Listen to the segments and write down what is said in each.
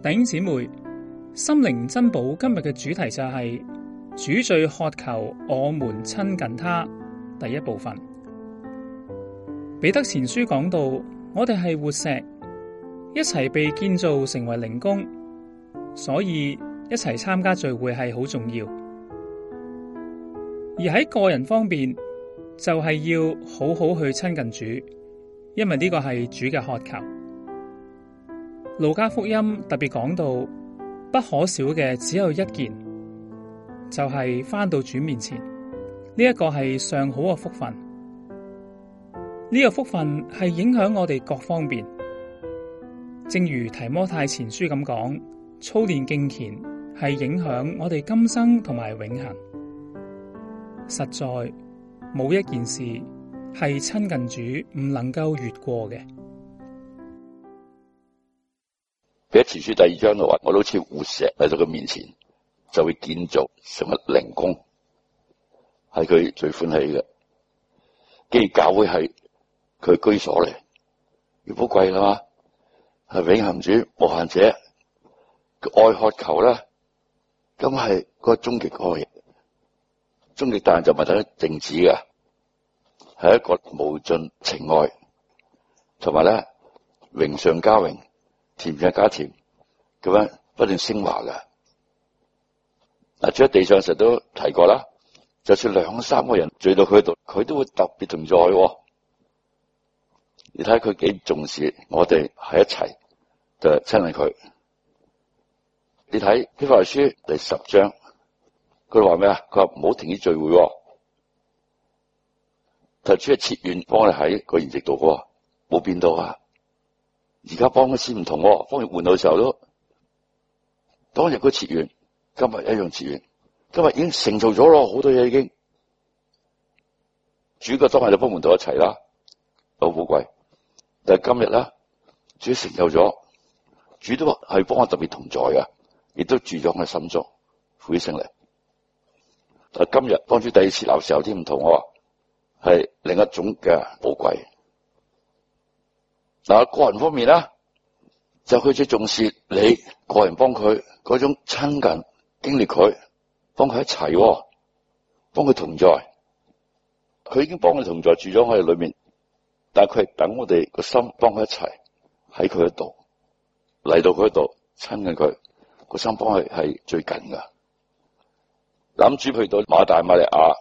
弟兄姊妹，心靈珍寶今日嘅主題就係主最渴求我們親近祂，第一部分。彼得前書講到，我哋係活石，一齊被建造成為靈宮，所以一齊參加聚會係好重要。而喺個人方面，就係要好好去親近主，因為呢個係主嘅渴求。路加福音特別講到，不可少嘅只有一件，就係、是、返到主面前。呢、這、一個係上好嘅福分，呢、這個福分係影響我哋各方面。正如提摩太前書咁講，操練敬虔係影響我哋今生同埋永恆。實在冇一件事係親近主唔能夠越過嘅。《彼得前書》第二章嘅話，我好似活石嚟到佢面前，就會建造成為靈宮，係佢最歡喜嘅。基教會係佢居所嚟，元寶貴啦嘛，係永恒主無限者愛渴求啦，咁係個終極愛，終極但就唔係得靜止嘅，係一個無盡情愛，同埋咧榮上加榮。甜加加甜，咁樣不斷升華噶。嗱，除咗地上時都提過啦。就算兩三個人聚到佢度，佢都會特別同在、哦。你睇佢幾重視我哋喺一齊，就親、是、近佢。你睇《希伯來書》第十章，佢話咩啊？佢話唔好停止聚會、哦。頭先阿切元幫你喺個筵席度，哥冇變到啊。而家幫嘅先唔同、哦，幫完換到嘅時候都當日佢切完，今日一樣切完，今日已經成就咗咯，好多嘢已經，主嘅都係幫換到一齊啦，好寶貴。但係今日咧，主成就咗，主都話係幫我特別同在嘅，亦都住咗我心中，歡喜勝利。但係今日幫主第二次流嘅時候啲唔同、哦，我係另一種嘅寶貴。嗱，個人方面咧，就開始重視你個人幫佢嗰種親近經歷佢，幫佢一齊，幫佢同在。佢已經幫佢同在住咗我哋裏面，但係佢係等我哋個心幫佢一齊喺佢度嚟到佢度親近佢，個心幫佢係最緊噶。諗住去到馬大馬利亞、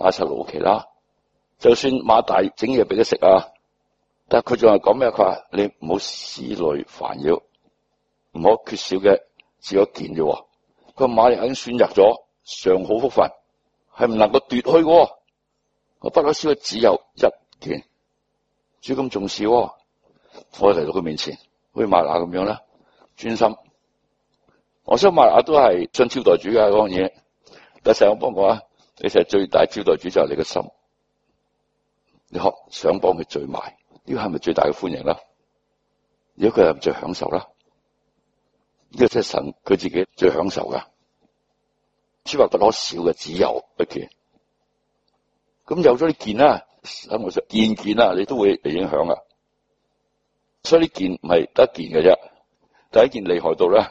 阿切羅奇啦，就算馬大整嘢俾佢食啊。但佢仲係講咩？佢話，你唔好思慮煩擾，唔好缺少嘅只有一件啫。個馬已經選擇咗上好福份，係唔能夠奪去嘅。不可少嘅只有一件，主咁重視我，我嚟到佢面前，可以馬亞咁樣啦。專心。我想馬亞都係將招待主嘅嗰樣嘢，但係我幫個，你成日最大招待主就係你嘅心，你可想幫佢聚埋。呢個係咪最大嘅歡迎啦？如果佢係咪最享受啦？呢個真係神佢自己最享受噶，殊為不可少嘅只有一件。咁有咗呢件啦，生活上件件啦，你都會受影響啊。所以呢件唔係得件嘅啫，第一件厲害到咧，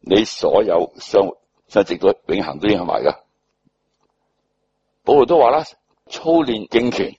你所有生活真係直到永恒都影響埋噶。保羅都話啦，操練敬虔。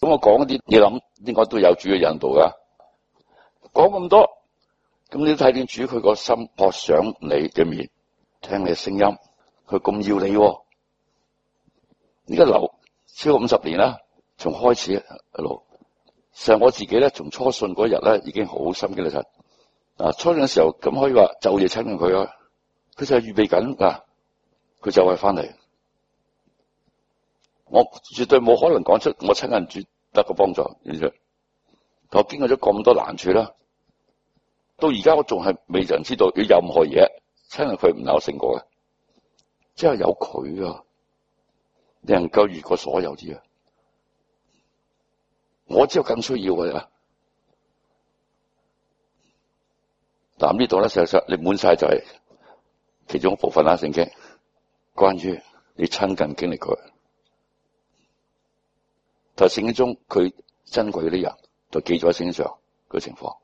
咁我講啲，你諗應該都有主嘅引導噶。講咁多，咁你睇見主佢個心，撲上你嘅面，聽你嘅聲音，佢咁要你，哦。而家留超過五十年啦，從開始一路，其實我自己咧，從初信嗰日咧，已經好心嘅其實。啊，初信嘅時候，咁可以話晝夜親近佢啊，佢就係預備緊啊，佢就係翻嚟。我絕對冇可能講出我親近主。得個幫助，其實我經過咗咁多難處啦，到而家我仲係未曾知道要有任何嘢，因為佢唔有成果嘅，只係有佢啊，你能夠越過所有啲啊，我只有更需要佢啊。嗱呢度咧，實際上你滿晒就係其中一部分啦，聖經關於你親近經歷過。就在聖經中，佢珍貴啲人，就記載喺聖經上嘅情況。